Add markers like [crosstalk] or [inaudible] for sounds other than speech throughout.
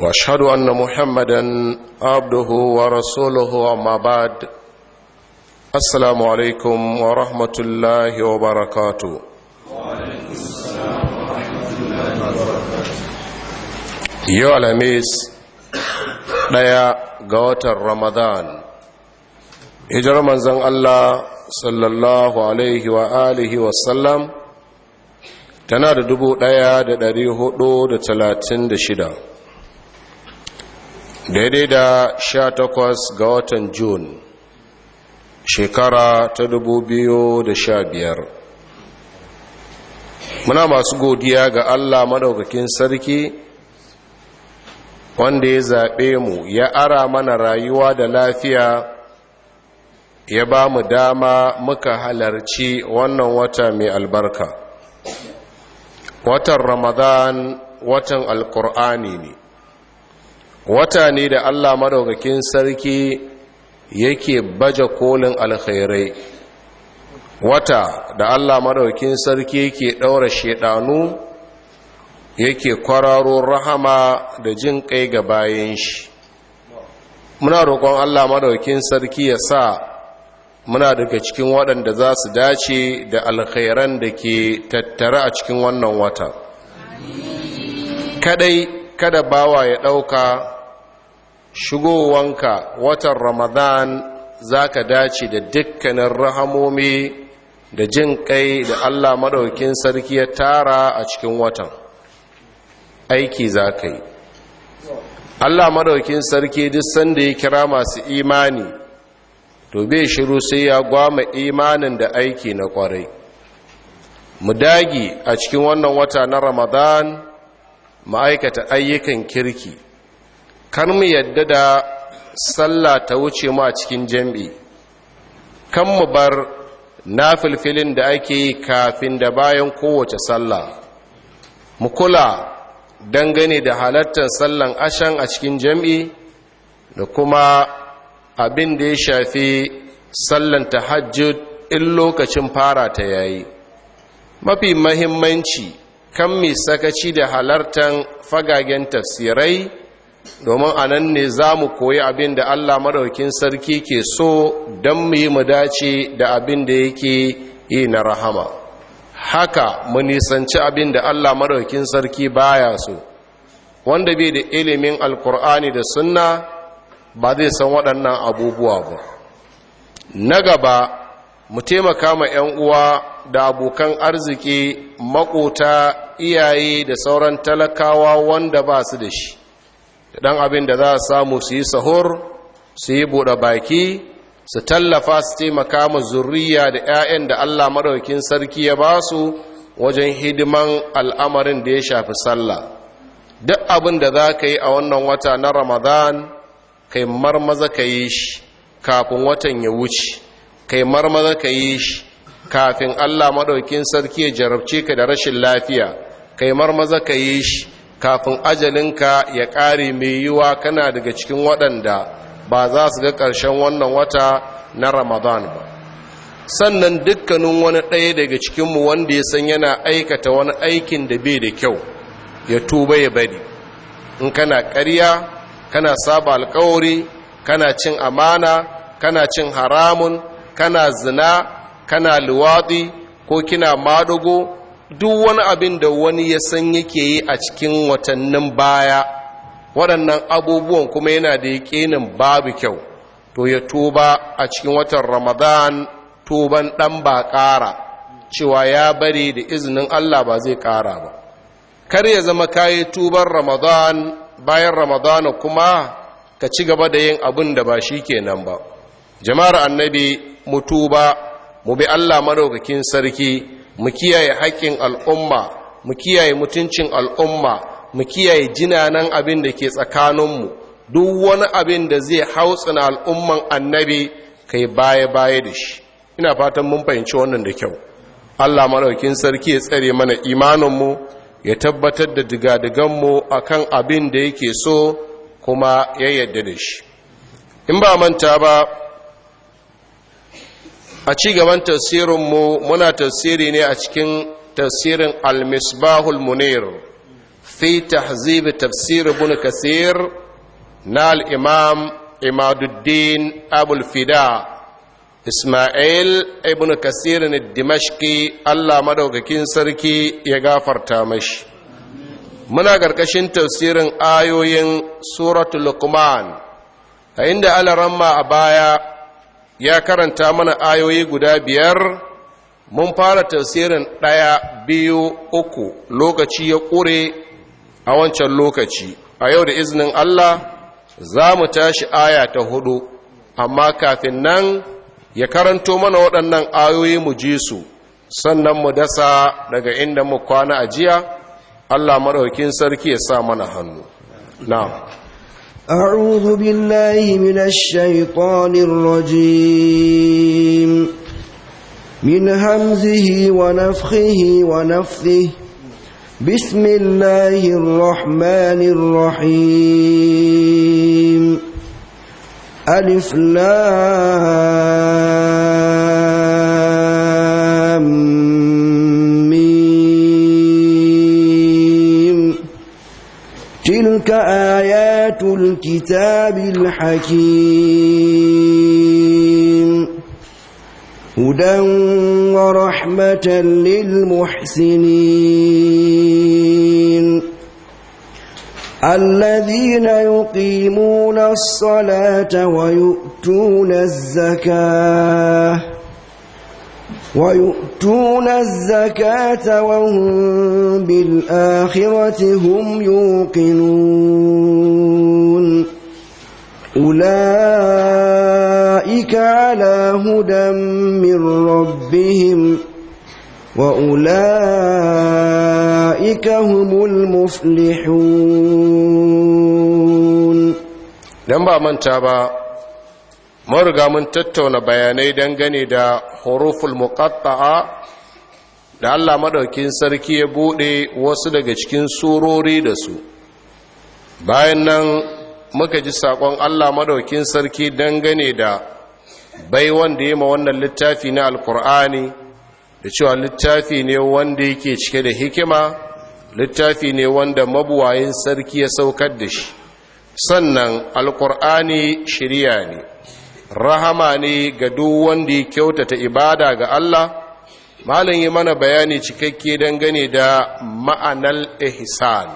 واشهد ان محمدا عبده ورسوله اما بعد السلام عليكم ورحمه الله وبركاته وعليكم السلام ورحمه الله وبركاته يا الهميس ديا غوت رمضان هجر منزل الله صلى الله عليه واله وسلم tana da dubu ɗaya da ɗari hudu da talatin da shida daidai da sha takwas ga watan Jun shekara ta dubu biyu da sha biyar. muna masu godiya ga Allah madaukakin sarki wanda ya zaɓe mu ya ara mana rayuwa da lafiya ya ba mu dama muka halarci wannan wata mai albarka watan ramadan watan alkur'ani ne wata ne da allah madaukakin sarki yake baje kolin alkhairai wata da allah madaukakin sarki yake ɗaura shedanu yake kwararo rahama da jin kai ga bayan shi muna roƙon allah madaukakin sarki ya sa muna daga cikin waɗanda za su dace da alkhairan da ke tattara a cikin wannan wata kadai kada bawa ya ɗauka shigowanka watan ramadan za ka dace da dukkanin rahamomi da jin kai da allah maɗaukin sarki ya tara a cikin watan aiki za ka yi allah maɗaukin sarki duk sanda ya kira masu imani to bai shiru sai ya gwama imanin da aiki na kwarai mu dagi a cikin wannan wata na ramadan ma'aikata ayyukan kirki kar mu yadda da sallah ta wuce mu a cikin jam'i kan mu bar nafilfilin da ake yi kafin da bayan kowace sallah mu kula dangane da halattar sallan ashan a cikin jam'i da kuma abin da ya shafi sallan tahajjud in lokacin fara ta yayi mafi mahimmanci kan mai sakaci da halartar fagagen tafsirai domin a nan ne za mu koyi abin da allah maraukin sarki ke so don mu yi mu dace da abin da yake yi na rahama haka mu nisanci abin da allah maraukin sarki baya so wanda bai da ilimin alkur'ani da sunna ba zai san waɗannan abubuwa ba na gaba mu taimaka ma 'yan uwa da abokan arziki makota iyaye da sauran talakawa wanda ba su da shi dan abin da za a samu su yi sahur su yi buɗe baki su tallafa su taimaka ma zurriya da 'ya'yan da allah maɗaukin sarki ya ba su wajen hidiman al'amarin da ya shafi sallah duk abin da za ka yi a wannan wata na ramadan kai marmaza ka yi shi kafin watan ya wuce kai marmaza ka yi shi kafin allah maɗaukin sarki ya jarabce ka da rashin lafiya kai marmaza ka yi shi kafin ajalinka ya ƙare mai yiwa kana daga cikin waɗanda ba za su ga ƙarshen wannan wata na ramadan ba sannan dukkanin wani ɗaya daga cikinmu wanda ya san yana aikata wani aikin da bai da kyau ya tuba ya bari in kana ƙarya kana saba alkawari kana cin amana kana cin haramun kana zina kana luwaɗi ko kina madugo duk wani abin da wani ya san yake yi a cikin watannin baya waɗannan abubuwan kuma yana da ƙenin babu kyau to ya tuba a cikin watan ramadan tuban ɗan ba ƙara cewa ya bari da izinin allah ba zai ƙara ba kar ya zama kayi tuban ramadan bayan ramadana kuma ka ci gaba da yin abin da ba shi kenan ba jama'ar annabi mu tuba mu bi allah madaukakin sarki mu kiyaye haƙƙin al'umma mu kiyaye mutuncin al'umma mu kiyaye jinanan abin da ke tsakaninmu duk wani abin da zai hautsina al'umman annabi kai baya-baya da shi ina fatan mun fahimci wannan da kyau allah maɗaukin sarki ya tsare mana imaninmu ya tabbatar da digadiganmu a kan abin da yake so kuma ya yadda da shi in ba manta ba a ci gaban muna tasiri ne a cikin tafsirin al-misbahul munir fi tahzib tafsir ibn kasir na al-imam imaduddin abul fida Ismail ibn Kasir ne Dimashki Allah madaukakin sarki ya gafarta mashi. Muna ƙarƙashin tafsirin ayoyin suratul Luqman, a inda alaramma a baya ya karanta mana ayoyi guda biyar mun fara tasirin ɗaya biyu uku lokaci ya ƙure a wancan lokaci a yau da izinin Allah za mu tashi aya ta hudu amma kafin nan ya karanto mana waɗannan ayoyi mu ji su sannan mu dasa daga inda mu kwana a jiya Allah maɗaukin sarki ya sa mana hannu no. أعوذ بالله من الشيطان الرجيم من همزه ونفخه ونفثه بسم الله الرحمن الرحيم ألف لام ميم تلك آيات آيات الكتاب الحكيم هدى ورحمة للمحسنين الذين يقيمون الصلاة ويؤتون الزكاة ويؤتون الزكاة وهم بالآخرة هم يوقنون أولئك على هدى من ربهم وأولئك هم المفلحون لما من تابع mariga mun tattauna bayanai dangane da huruful muqatta'a da Allah maɗaukin sarki ya buɗe wasu daga cikin surori da su bayan nan muka ji saƙon Allah maɗaukin sarki dangane da bai wanda yi ma wannan littafi na alkur'ani da cewa littafi ne wanda yake cike da hikima littafi ne wanda mabuwayin sarki ya saukar da shi sannan alkur'ani shirya ne rahama ne ga duk wanda ya kyautata ibada ga Allah malam yi mana bayani cikakke dangane da ma'anar ihsan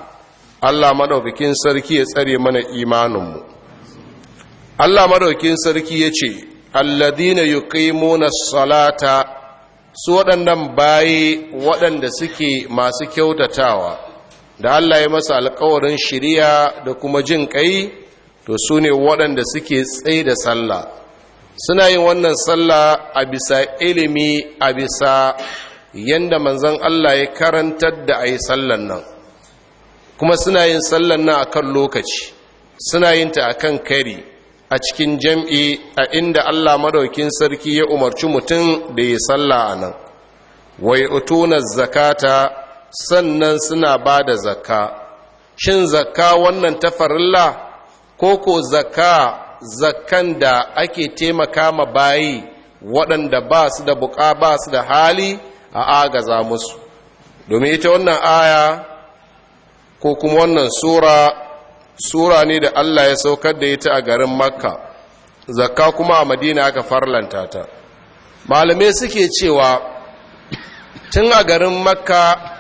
Allah madaukakin sarki ya tsare mana imaninmu Allah madaukakin sarki ya ce alladhina yuqimuna salata su waɗannan bayi waɗanda suke masu kyautatawa da Allah ya masa alƙawarin shiriya da kuma jin kai to su ne waɗanda suke tsaye da sallah suna yin wannan sallah a bisa ilimi a bisa yanda manzon Allah ya karantar da a yi sallan nan kuma suna yin sallan nan kan lokaci suna yin ta a kan kari a cikin jam'i a inda Allah madaukin sarki ya umarci mutum da ya salla a nan wai utuna zakata sannan suna ba da zakka shin zakka wannan ta farilla ko ko zakka Zakkan da ake taimaka ma bayi waɗanda ba su da buƙa ba su da hali a agaza musu domin ita wannan aya ko kuma wannan sura sura ne da Allah ya saukar da ita a garin makka zakka kuma a madina aka farlanta ta malamai suke cewa tun a garin makka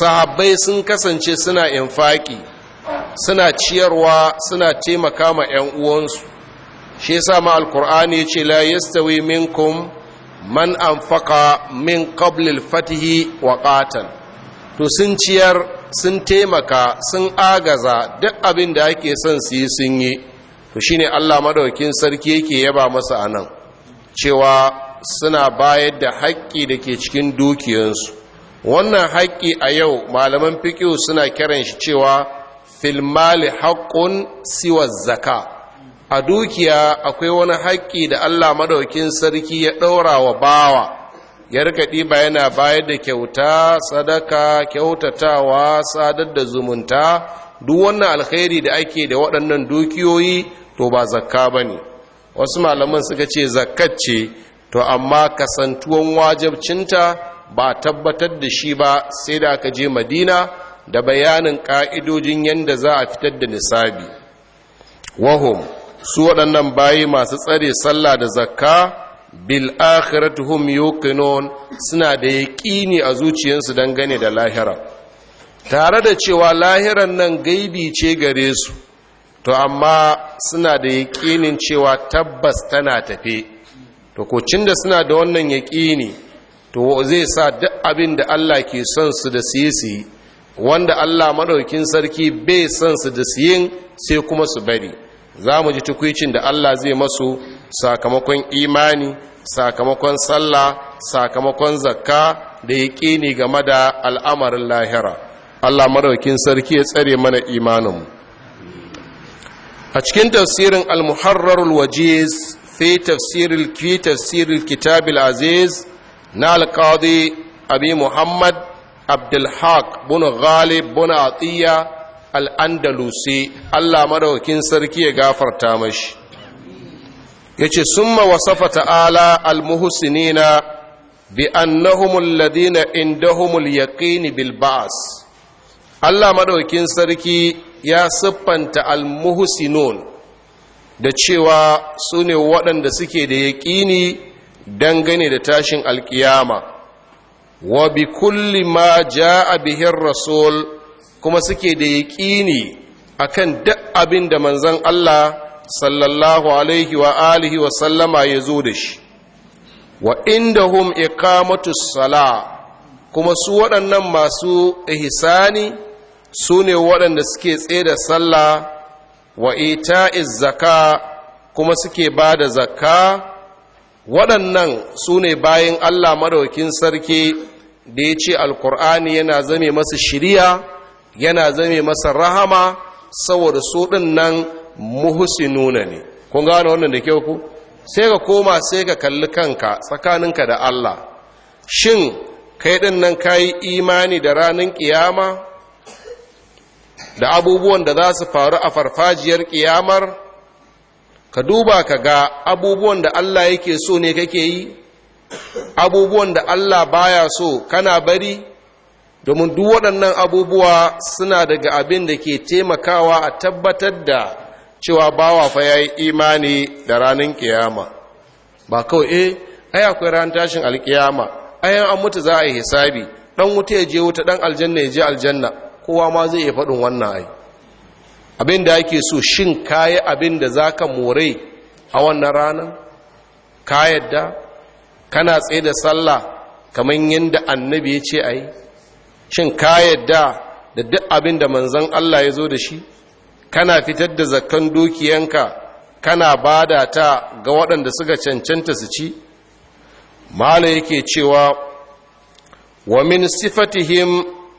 sahabbai sun kasance suna infaki suna ciyarwa suna taimaka ma 'yan uwansu shi sa ma alkur'ani ya ce la yastawi minkum man anfaqa min qablil fatihi wa qatal to sun ciyar sun taimaka sun agaza duk abin da ake son su yi sun yi to shine Allah maɗaukin sarki yake yaba masa nan. cewa suna bayar da haƙƙi da ke cikin dukiyansu wannan haƙƙi a yau malaman fikihu suna kiran shi cewa filmali haƙƙun siwa zaka a dukiya akwai wani haƙƙi da allah madaukin sarki ya ɗaura wa bawa ya rika yana bayar da kyauta sadaka kyautatawa sadar da zumunta duk wannan alkhairi da ake da waɗannan dukiyoyi to ba zakka ba ne wasu malaman suka ce zakat ce to amma kasantuwan wajabcinta ba tabbatar da shi ba sai da aka je madina da bayanin ƙa'idojin yadda za a fitar da nisabi wahum su waɗannan bayi masu tsare sallah da zakka bil akhiratuhum yuqinun suna da yaƙini a zuciyarsu dangane da lahira tare da cewa lahiran nan gaibi ce gare su to amma suna da yaƙinin cewa tabbas tana tafe to kocin da suna da wannan yaƙini to zai sa duk abin da Allah ke son su da su yi wanda Allah maɗaukin sarki bai son su da siyin sai kuma su bari za mu ji tukwicin da Allah zai masu sakamakon imani sakamakon sallah sakamakon zakka da yaqini game da al'amarin lahira Allah maɗaukin sarki ya tsare mana imaninmu a cikin tafsirin al-muharrarul wajiz fi tafsiril kitabil aziz na al-qadi abi muhammad abdulhaq bun ghalib bin atiya al-andalusi Allah madaukakin sarki ya gafarta mashi yace summa wasafa ta'ala al-muhsinina bi annahum Ladina indahum al bil ba'as Allah madaukakin sarki ya siffanta al muhusinun da cewa su ne waɗanda suke da yaƙini dangane da tashin alƙiyama wa bi kulli ma ja'a bihi rasul kuma suke da yaqini akan duk abin da manzon Allah sallallahu alaihi wa alihi wa sallama ya zo da shi wa indahum iqamatus sala kuma su waɗannan masu ihsani su ne waɗanda suke tsaye da sallah wa ita'iz zaka kuma suke ba da zakka waɗannan su ne bayan Allah madaukin sarki da ya ce alkur'ani yana zame masa shirya yana zame masa rahama saboda su ɗin nan nuna ne kun gano wannan da kyau ku sai ka koma sai ka kalli kanka tsakaninka da Allah shin kai din nan ka yi imani da ranar ƙiyama da abubuwan da za su faru a farfajiyar ƙiyamar ka duba ka ga abubuwan da Allah yake so ne kake yi abubuwan da Allah baya so kana bari domin duk waɗannan abubuwa suna daga abin da ke taimakawa a tabbatar da cewa bawa fa ya yi imani da ranar kiyama ba kawai eh ai akwai ran tashin alkiyama ai an mutu za a yi hisabi dan wuta ya je wuta dan aljanna ya je aljanna kowa ma zai yi faɗin wannan ai abin da ake so shin kayi abin da zaka more a wannan ranan ka yadda kana tsaye da sallah kamar yadda annabi ya ce a yi shin ka yadda da duk abin da manzan Allah ya zo da shi kana fitar da zakkan dukiyanka kana bada ta ga waɗanda suka cancanta su ci mala yake cewa wa min sifatihim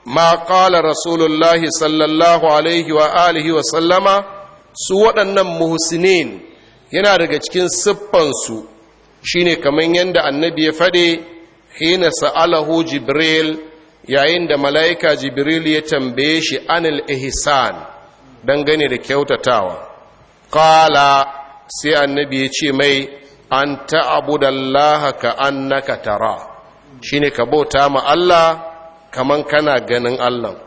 ma qala rasulullah sallallahu alaihi wa alihi wa sallama su waɗannan muhsinin yana daga cikin siffansu Shi ne kamar yadda annabi ya faɗe hina sa'alahu jibril yayin da mala'ika jibril ya tambaye shi anil ihsan dangane da kyautatawa Ƙala, sai annabi ya ce mai an ta'budallaha ka annaka tara shine ka bauta ma Allah kaman kana ganin Allah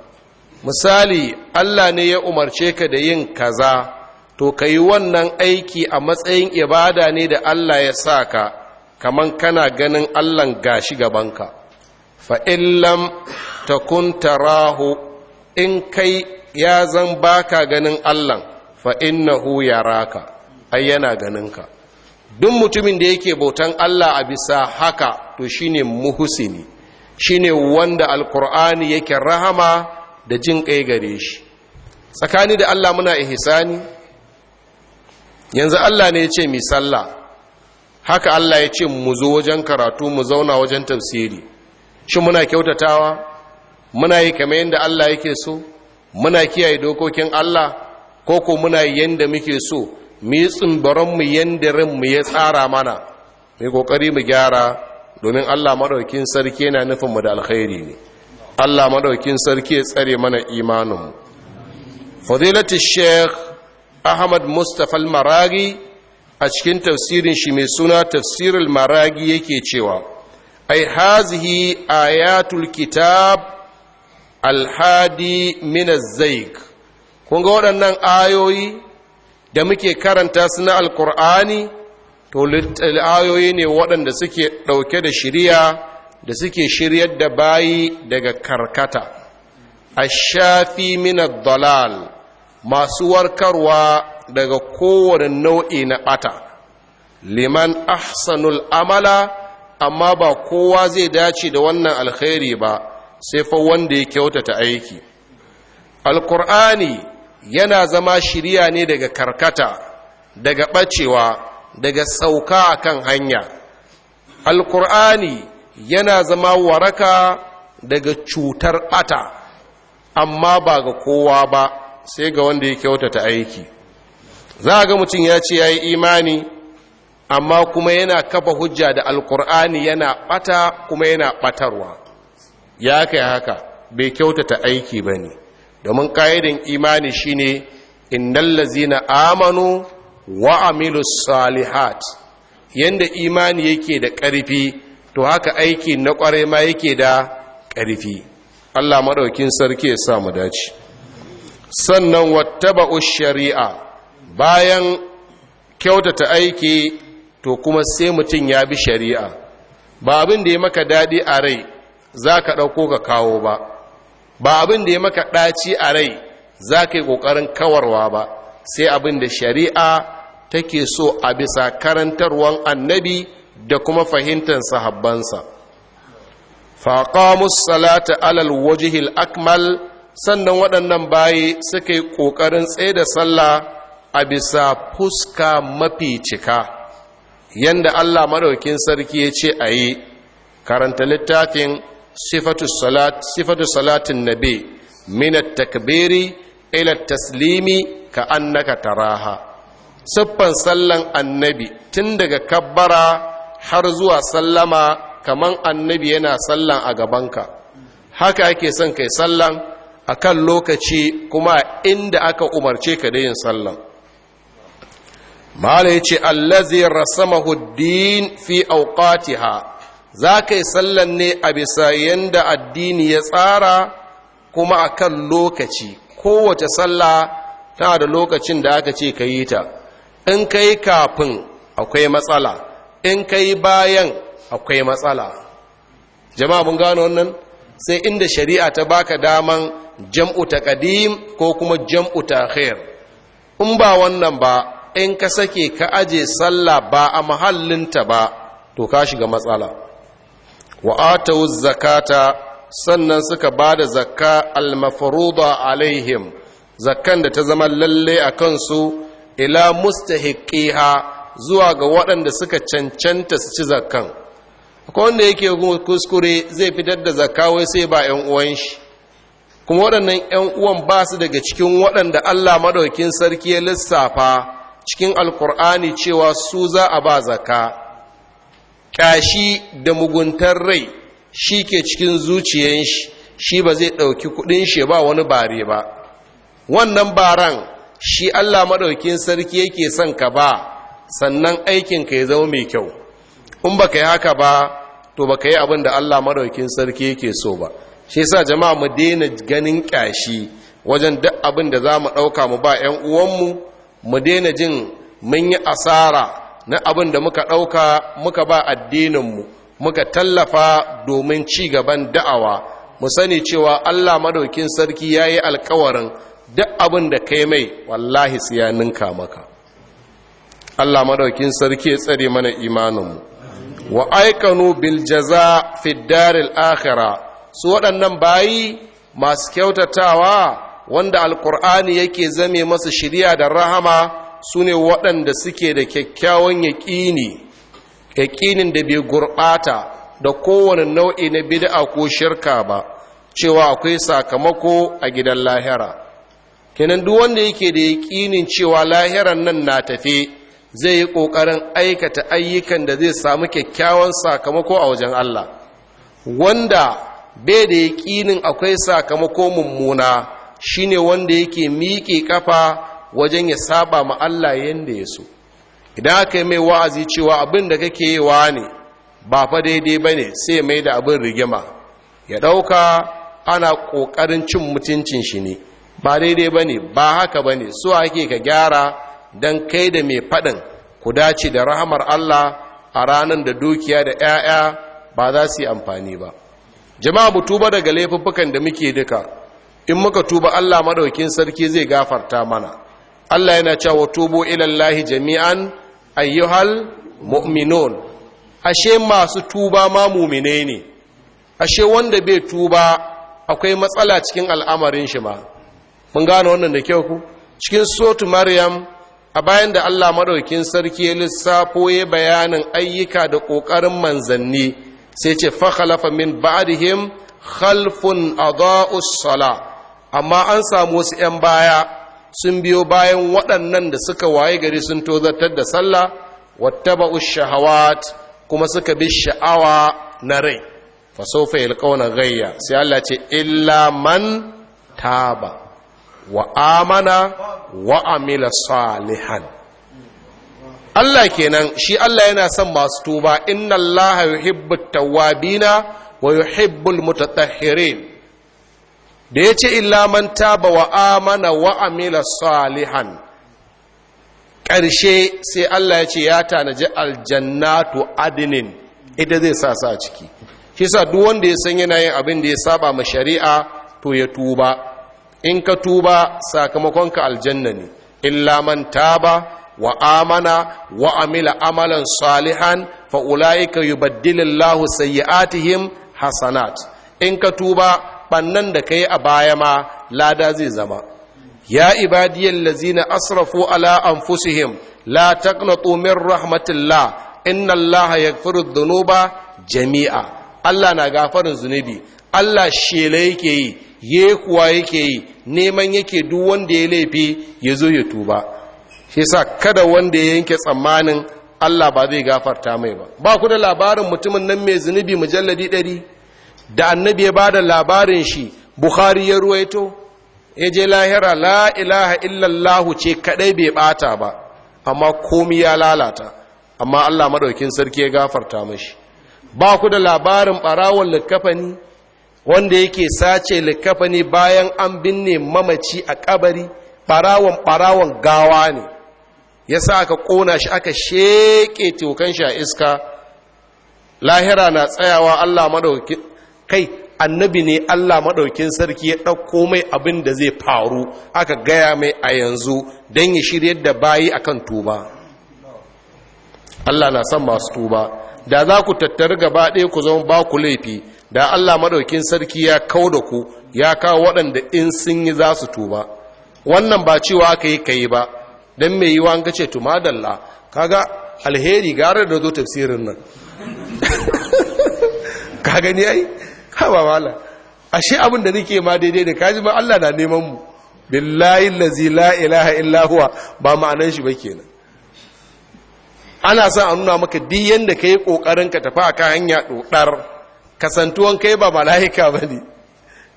misali Allah ne ya umarce ka da yin kaza to ka yi wannan aiki a matsayin ibada ne da Allah ya sa ka kaman kana ganin Allahn gashi gabanka fa'illam ta kun tarahu in kai ya zan baka ganin Allahn fa'innahu ya raka ai yana ganinka duk mutumin da yake bautan Allah a bisa haka to shine muhusini shine wanda alkur'ani yake rahama da jin kai gare shi tsakani da Allah muna ihisani yanzu Allah ne ya ce misalla haka Allah ya ce mu zo wajen karatu mu zauna wajen tafsiri shi muna kyautatawa muna yi kamar yadda Allah yake so muna kiyaye dokokin Allah ko ko muna yi yadda muke so mu yi tsimbaron mu yadda rin mu ya tsara mana mai kokari mu gyara domin Allah maɗaukin sarki yana nufin mu da alkhairi ne Allah maɗaukin sarki ya tsare mana imanin mu fadilatu sheikh ahmad mustapha maragi a cikin tafsirin shi mai suna tafsirul maragi yake cewa ai hazihi ayatul kitab alhadi min zaik kun ga waɗannan ayoyi da muke karanta su na alkur'ani to ayoyi ne waɗanda suke ɗauke da shirya da suke shiryar da bayi daga karkata ashafi min dalal masu warkarwa daga kowane nau'i na ɓata liman ahsanul amala amma ba kowa zai dace da wannan alkhairi ba sai fa wanda ya kyautata aiki alkur'ani yana zama shirya ne daga karkata daga ɓacewa daga sauka a kan hanya alkur'ani yana zama waraka daga cutar ɓata amma ba ga kowa ba sai ga wanda ya kyautata aiki za a ga mutum ya ce ya yi imani amma kuma yana kafa hujja da alkur'ani yana bata kuma yana batarwa ya kai haka bai kyautata aiki ba ne domin ka'idin imani shine innal lazina amanu wa amilu salihat yadda imani yake da ƙarfi to haka aiki na ƙwarai ma yake da ƙarfi Allah maɗaukin sarki ya sa mu dace sannan wataba'u shari'a bayan kyautata aiki to kuma sai mutum ya bi shari'a ba abin da ya maka daɗi a rai za ka ɗauko ka kawo ba ba abin da ya maka ɗaci a rai za ka yi ƙoƙarin kawarwa ba sai abin da shari'a take so a bisa karantarwan annabi da kuma fahimtar sahabbansa faƙamus salata alal wajihil akmal sannan waɗannan bayi suka yi ƙoƙarin tsaye da sallah a bisa fuska mafi cika Yadda allah maɗaukin sarki ya ce a yi karanta littafin sifatu salatin nabi minat takbiri ila taslimi ka annaka taraha siffan sallan annabi tun daga kabbara har zuwa sallama kaman annabi yana sallan a gabanka haka ake son kai sallan a kan lokaci kuma inda aka umarce ka da yin sallan mala ya ce allazi rasamahuddin fi auqatiha za ka yi sallan ne a bisa yadda addini ya tsara kuma a kan lokaci kowace sallah tana da lokacin da aka ce ka yi ta in ka yi kafin akwai matsala in ka yi bayan akwai matsala jama'a mun gano wannan sai inda shari'a ta baka daman jam'u ta ƙadim ko kuma jam'u ta khair. in ba wannan ba in ka sake ka aje sallah ba a mahallinta ba to ka shiga matsala wa zakata sannan suka ba da zakka almafaruda alaihim zakkan da ta zama lalle a kansu ila mustahiqiha zuwa ga waɗanda suka cancanta su ci zakkan akwai wanda yake kuskure zai fitar da zakka wai sai ba 'yan uwan shi kuma waɗannan 'yan uwan ba su daga cikin waɗanda Allah maɗaukin sarki ya lissafa cikin alkur'ani cewa su za a ba zaka ƙyashi da muguntar rai shi ke cikin zuciyan shi shi ba zai ɗauki kuɗin shi ba wani bare ba wannan baran shi Allah maɗaukin sarki yake son ka ba sannan aikin ka ya zama mai kyau in baka yi haka ba to baka yi abin da Allah madaukin sarki yake so ba shi sa jama'a mu daina ganin kyashi wajen duk abin da za mu ɗauka mu ba 'yan uwanmu mu daina jin mun yi asara na abin da muka ɗauka muka ba addininmu muka tallafa domin ci gaban da'awa mu sani cewa allah madaukin sarki ya yi alkawarin duk abin da kai mai wallahi su ya ninka maka allah madaukin sarki ya tsare mana imaninmu wa aikanu bil jaza fi daril akhirah su waɗannan bayi masu kyautatawa wanda alkur'ani yake zame masu shirya da rahama su ne waɗanda suke da kyakkyawan yaƙini yaƙinin da bai gurɓata da kowane nau'i na bid'a ko shirka ba cewa akwai sakamako a gidan lahira kenan duk wanda yake da yaƙinin cewa lahiran nan na tafe zai yi ƙoƙarin aikata ayyukan da zai samu kyakkyawan sakamako a wajen Allah wanda bai da yaƙinin akwai sakamako mummuna shine wanda yake miƙe kafa wajen ya saba ma Allah yanda ya so idan aka yi mai wa'azi cewa abin da kake yi wa ne ba fa daidai ba ne sai mai da abin rigima ya ɗauka ana ƙoƙarin cin mutuncin shi ne ba daidai ba ne ba haka ba ne so ake ka gyara don kai da mai faɗin ku dace da rahamar Allah a ranar da dukiya da ‘ya'ya ba za su yi amfani ba jama'a mu tuba daga laifuffukan da muke duka in muka tuba Allah madaukin sarki zai gafarta mana Allah yana cewa tubu ilallahi jami'an ayyuhal mu'minun ashe masu tuba ma mumine ne ashe wanda bai tuba akwai matsala cikin al'amarin shi ma mun gane wannan da kyau ku cikin sotu maryam a bayan da Allah madaukin sarki ya lissafo ya bayanin ayyuka da ƙoƙarin manzanni sai ce fakhalafa min ba'dihim khalfun adaa'us sala amma an samu wasu 'yan baya sun biyo bayan waɗannan da suka waye gari sun tozartar da sallah wattaba'u shahawat kuma suka bi sha'awa na rai fa sawfa yalqawna ghayya sai Allah ce illa man taba wa amana wa amila salihan Allah kenan shi Allah yana son masu tuba inna Allah yuhibbut tawwabina wa yuhibbul mutatahhirin da ya ce illa man taba wa amana wa amila salihan ƙarshe sai Allah ya ce ya tanaji aljannatu adinin ita zai sa sa ciki shi sa duk wanda ya san yana yin abin da ya saba ma shari'a to ya tuba in ka tuba sakamakonka aljanna ne illa man taba wa amana wa amila amalan salihan fa ulaika yubaddilillahu sayyi'atihim hasanat in ka tuba bannan da kai a baya ma lada zai zama ya ibadiyal ladzina asrafu ala anfusihim la taqnatu min rahmatillah inna allaha yaghfiru dhunuba jami'a Allah na gafarin zunubi Allah shela yake yi ye kuwa yake yi neman yake duk wanda ya laifi ya zo ya tuba shi sa kada wanda ya yanke tsammanin Allah ba zai gafarta mai ba ba ku da labarin mutumin nan mai zunubi mujalladi ɗari da annabi ya da labarin shi bukhari ya ruwaito ya je lahira la ilaha illallahu ce kadai bai bata ba amma komi ya lalata amma Allah maɗaukin sarki ya gafarta mashi ba ku da labarin barawon likafani wanda yake sace likafani bayan an binne mamaci a kabari barawon barawon gawa ne ya sa aka ƙona shi aka sheƙe tokan shi a iska lahira na tsayawa allah maɗaukin kai annabi ne allah maɗaukin sarki ya ɗauko mai abin da zai faru aka gaya mai a yanzu don ya shiryar da bayi kan tuba allah na son masu tuba da za ku tattari gaba ɗaya ku zama ba ku laifi da allah maɗaukin sarki ya kau da ku ya kawo waɗanda in sun yi za su tuba wannan ba cewa aka yi ka yi ba don mai yiwa an kace tu madalla kaga alheri gara da zo tafsirin nan [laughs] ka gani ai haba wala ashe abin da nake ma daidai da kaji ma Allah na neman mu billahi allazi la ilaha illa huwa ba ma'anan shi ba kenan ana sa a nuna maka duk yanda kai kokarin ka tafi akan hanya dodar kasantuwan kai ba mala'ika bane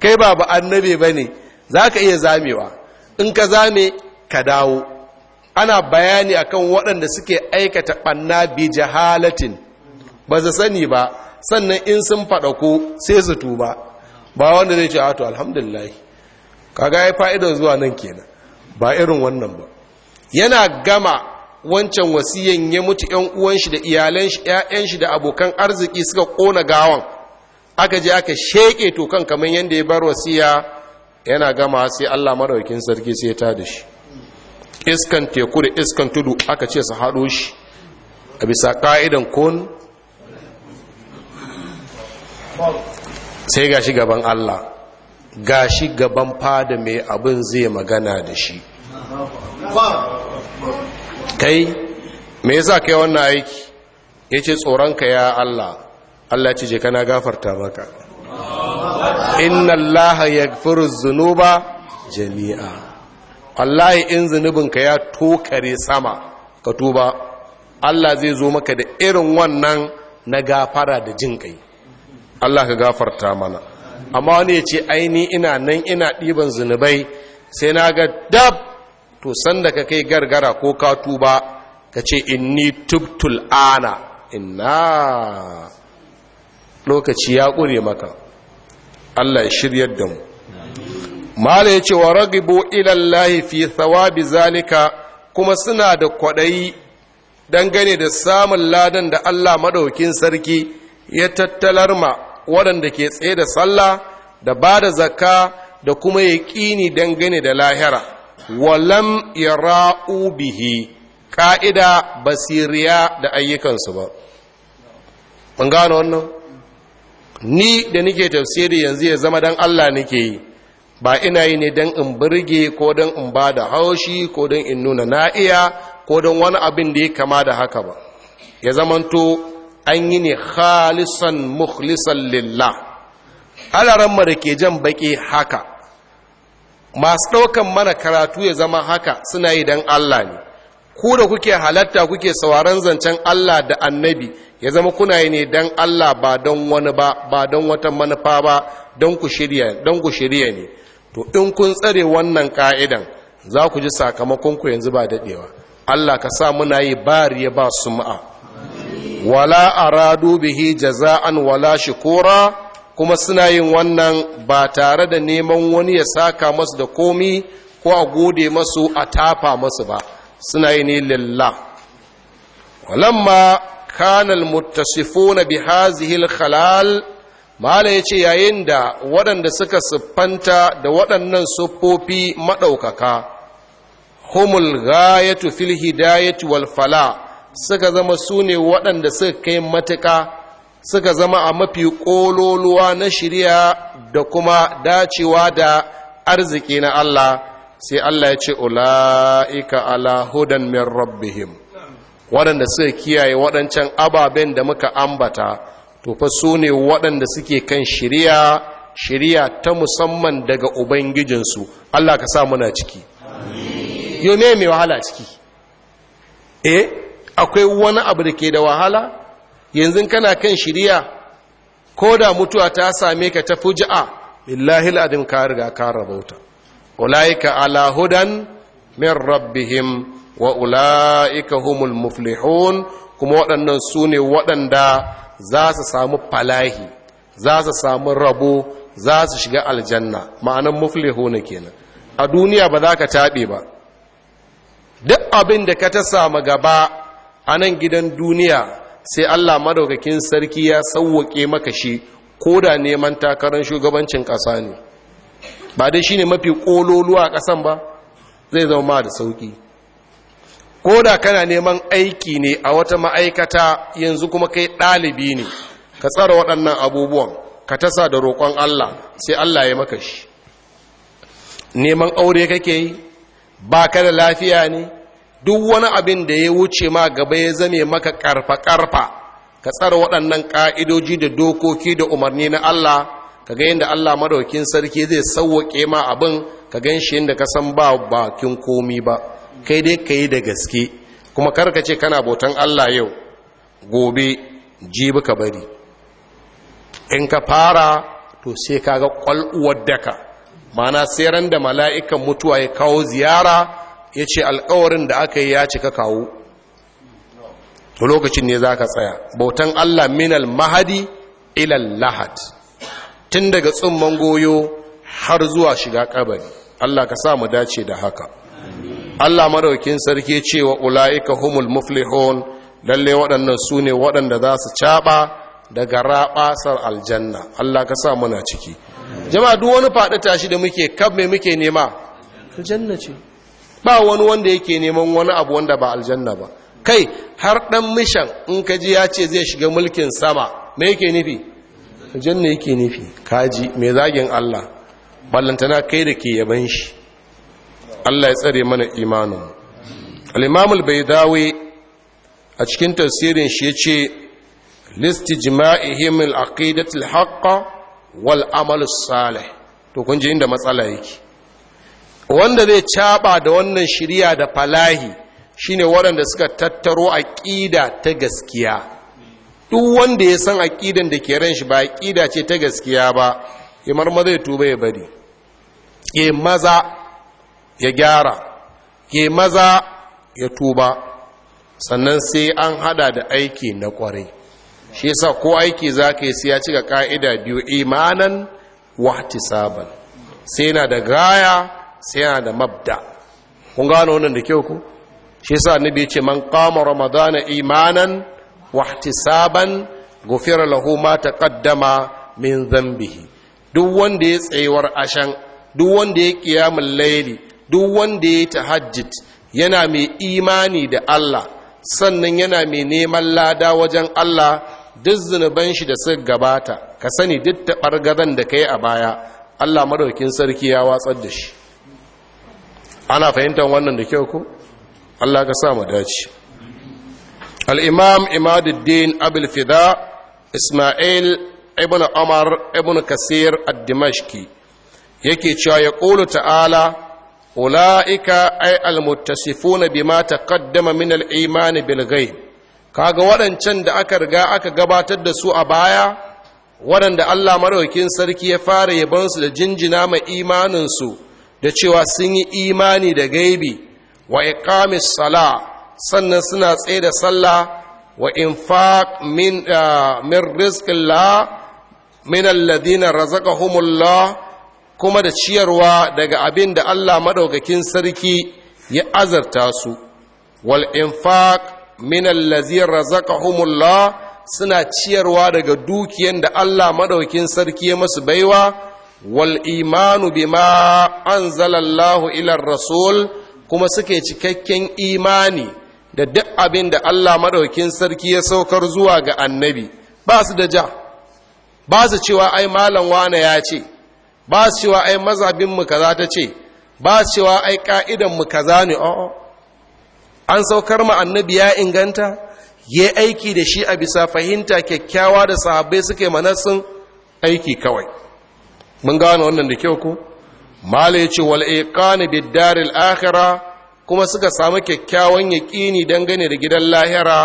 kai ba ba annabi bane zaka iya zamewa in ka zame ka dawo ana bayani akan waɗanda suke aikata ɓanna bi jahalatin ba su sani ba sannan in sun faɗa ko sai su tuba ba wanda zai ce ato alhamdulillah kaga ya fa'idan zuwa nan kenan ba irin wannan ba yana gama wancan wasiyan ya mutu ‘yan uwanshi da iyalanshi ‘ya'yanshi da abokan arziki suka kona gawan aka je aka sheƙe tokan kamar yadda ya bar wasiya yana gama sai Allah maraukin sarki sai ta da shi iskan teku da iskan tudu aka ce su haɗo shi a bisa ƙa'idan kun sai gashi gaban Allah gashi gaban fada mai abin zai magana da shi kai me yasa kai wannan aiki yace tsoronka ya Allah Allah ce je kana gafarta maka inna Allah yaghfiru dhunuba jami'a wallahi in zunubinka ya tokare sama ka tuba Allah zai zo maka da irin wannan na gafara da jin kai Allah ka gafarta mana amma wani ya ce aini ina nan ina ɗiban zunubai sai na ga dab to sanda ka kai gargara ko ka tuba ka ce inni tubtul ana inna lokaci ya ƙure maka Allah ya shiryar da mu mala ya ce wa ragibu ilallahi fi thawabi zalika kuma suna da kwaɗayi dangane da samun ladan da Allah maɗaukin sarki ya tattalar ma waɗanda ke tsaye da sallah da ba da zakka da kuma ya ƙini dangane da lahira walam ya ra'u bihi ƙa'ida basiriya da ayyukansu ba ban gano wannan ni da nike tafsiri yanzu ya zama don Allah nike yi ba ina yi ne don in birge ko don in ba da haushi ko don in nuna na'iya ko don wani abin da ya kama da haka ba ya zamanto an yi ne khalisan mukhlisan lillah alaran da ke jan baki haka masu ɗaukan mana karatu ya zama haka suna yi don Allah ne ku da kuke halatta kuke sauraron zancen Allah da annabi ya zama kuna yi ne don Allah ba don wani ba ba don wata manufa ba don ku shirya ne to in kun tsare wannan ka'idan za ku ji sakamakonku yanzu ba daɗewa allah ka sa muna yi ya ba su ma'a wala aradu bihi jaza'an wala kora. kuma suna yin wannan ba tare da neman wani ya saka masu da komi ko a gode masu a tafa masu ba suna yi ne lillah walamma kana na bi hazihil halal. mala ya ce yayin da waɗanda suka siffanta da waɗannan siffofi maɗaukaka humul gayatu fil hidayati wal fala suka zama su ne waɗanda suka kai matuƙa suka zama a mafi ƙololuwa na shirya da kuma dacewa da arziki na Allah sai Allah ya ce ula'ika ala hudan min rabbihim waɗanda suka kiyaye waɗancan ababen da muka ambata to fa su ne waɗanda suke kan shirya shirya ta musamman daga ubangijinsu Allah ka sa muna ciki yau ne mai wahala ciki eh akwai wani abu da ke da wahala yanzu kana kan shirya ko da mutuwa ta same ka ta fuji'a billahi al'adim ka riga ka rabauta ulaika ala hudan min rabbihim wa ulaika humul muflihun kuma waɗannan su ne waɗanda za su samu falahi za su samu rabo za su shiga aljanna ma'anan muflihu ne kenan a duniya ba za ka taɓe ba duk abin da ka ta samu gaba a nan gidan duniya sai allah madaukakin sarki ya sauwaƙe maka shi ko da neman takarar shugabancin ƙasa ne ba dai shi ne mafi ƙololuwa a ƙasan ba zai zama da sauƙi ko da kana neman aiki ne a wata ma'aikata yanzu kuma kai ɗalibi ne ka tsara waɗannan abubuwan ka tasa da roƙon Allah sai Allah ya maka shi neman aure kake yi ba ka da lafiya ne duk wani abin da ya wuce ma gaba ya zame maka ƙarfa-ƙarfa ka tsara waɗannan ƙa'idoji da dokoki da umarni na Allah ka ga yadda Allah madaukin sarki zai sauwaƙe ma abin ka gan shi yadda ka san ba bakin komi ba kai dai ka yi da gaske kuma karka ce kana bautan Allah yau gobe jibi ka bari in ka fara to sai ka ga kwalwar daka mana tseren da mala'ikan mutuwa ya kawo ziyara ya ce alkawarin da aka yi ya cika kawo to lokacin ne za ka tsaya bautan Allah minal mahadi ilal lahad tun daga tsumman goyo har zuwa shiga kabari Allah ka sa mu dace da haka Allah maraukin sarki cewa ula'ika humul muflihun lalle waɗannan su ne waɗanda za su caɓa daga raɓasar aljanna Allah ka sa muna ciki jama'a duk wani faɗi tashi da muke kab me muke nema aljanna ce ba wani wanda yake neman wani abu wanda ba aljanna ba kai har ɗan mishan in ka ji ya ce zai shiga mulkin sama me yake nufi aljanna yake nufi kaji mai zagin Allah ballantana kai da ke yaban shi Allah ya tsare mana imanin al’imamul bai dawe a cikin tasirin shi ya yace listi jima’i himil al-haqqa wal wal'amalu salih to kun ji inda matsala yake wanda zai caba da wannan shirya da falahi shine waɗanda suka tattaro aqida ta gaskiya duk wanda ya san aqidan da ke ran shi ba aqida ce ta gaskiya ba imar maza ya tuba ya bari e maza ya gyara ke maza ya tuba sannan sai an hada da aiki na kwarai shi yasa ko aiki za ka yi siya cika ka'ida biyu imanan sabon? sai yana da gaya sai yana da mabda kun gano wannan da kyau ku shi yasa bai ce man qama ramadana imanan sabon, gufira lahu ma taqaddama min zambihi duk wanda ya tsayuwar ashan duk wanda ya kiyamul laili duk wanda ya tahajjud yana mai imani da Allah sannan yana mai neman lada wajen Allah duk zunuban shi da suka gabata ka sani duk taɓargazan da ka yi a baya Allah maraukin sarki ya watsar da shi ana fahimtar wannan da kyau ku? Allah ka sa mu dace al-imam imaduddin abul fida isma'il ibn umar ibn kasir ad dimashki yake cewa ya ƙulu ta'ala ula'ika ai almuttasifuna bima ta min al imani bil kaga waɗancan da aka riga aka gabatar da su a baya waɗanda Allah maraukin sarki ya fara yabansu da jinjina mai imanin su da cewa sun yi imani da gaibi wa iqamis sala sannan suna tsaye da sallah wa infaq min ah, min rizqillah min alladhina razaqahumullah kuma da ciyarwa daga abin da Allah maɗaukakin sarki ya azarta su wal infaq min allazi razaqahumullah suna ciyarwa daga dukiyan da Allah madaukakin sarki ya masu baiwa wal imanu bima anzalallahu ila rasul kuma suke cikakken imani da duk abin da Allah madaukakin sarki ya saukar zuwa ga annabi ba su da ja ba su cewa ai malam wane ya ce ba cewa ai mazabinmu kaza ta ce ba cewa ai ka'idanmu kaza ne o'o an saukar ma annabi ya inganta ya aiki da shi a bisa fahimta kyakkyawa da sahabbai suke manassin aiki kawai mun gano wannan da kyau ku mala yace wal iqani bid daril akhirah kuma suka samu kyakkyawan yaqini dangane da gidan lahira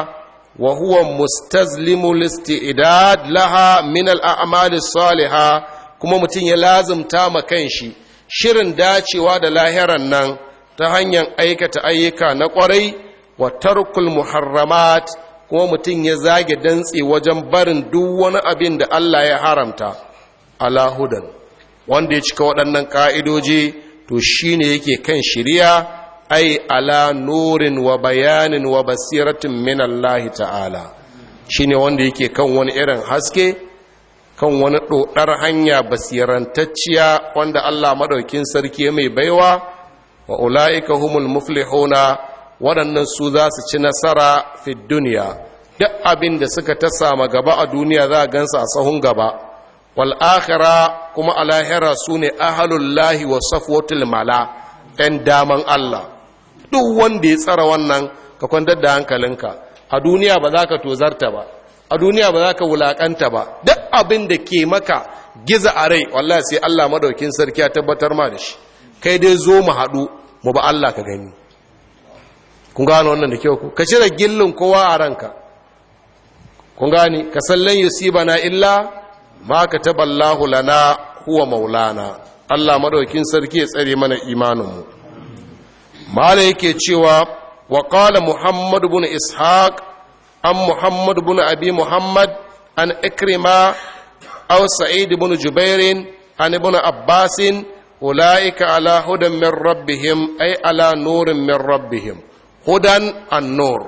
wa huwa mustazlimu listi'dad laha min al a'mal as-salihah kuma mutum ya lazumta ma shi, shirin dacewa da lahiran nan ta hanyar aikata ayyuka na kwarai wa tarkul muharramat kuma mutum ya zage dantse wajen barin duk wani abin da Allah ya haramta alahudan wanda ya cika waɗannan ka'idoji to shine yake kan shirya ai ala nurin wa bayanin wa basiratin min Allah ta'ala ne wanda yake kan wani irin haske kan wani ɗoɗar hanya basirantacciya wanda Allah maɗaukin sarki mai baiwa wa ula'ika humul muflihuna waɗannan su za su ci nasara fi duniya duk abin da suka ta sama gaba a duniya za a gansa a sahun gaba wal akhira kuma a lahira su ne lahi wa safwatul mala ɗan daman Allah duk wanda ya tsara wannan ka kwantar da hankalinka a duniya ba za ka tozarta ba a duniya ba za ka wulaƙanta ba duk abin da ke maka giza a rai wallahi sai Allah madaukin sarki ya tabbatar ma da shi kai dai zo mu haɗu mu ba Allah ka gani kun gano wannan da kyau ku ka cire gillin kowa a ranka kun gani ka sallan yusibana illa ma ka taballahu lana huwa maulana Allah madaukin sarki ya tsare mana imanin mu mala yake cewa wa qala muhammad ibn ishaq an Muhammadu bin abi muhammad an ikrima aw sa'id bin jubairin an ibn abbasin ulaika ala hudan min rabbihim ay ala nurin min rabbihim hudan an nur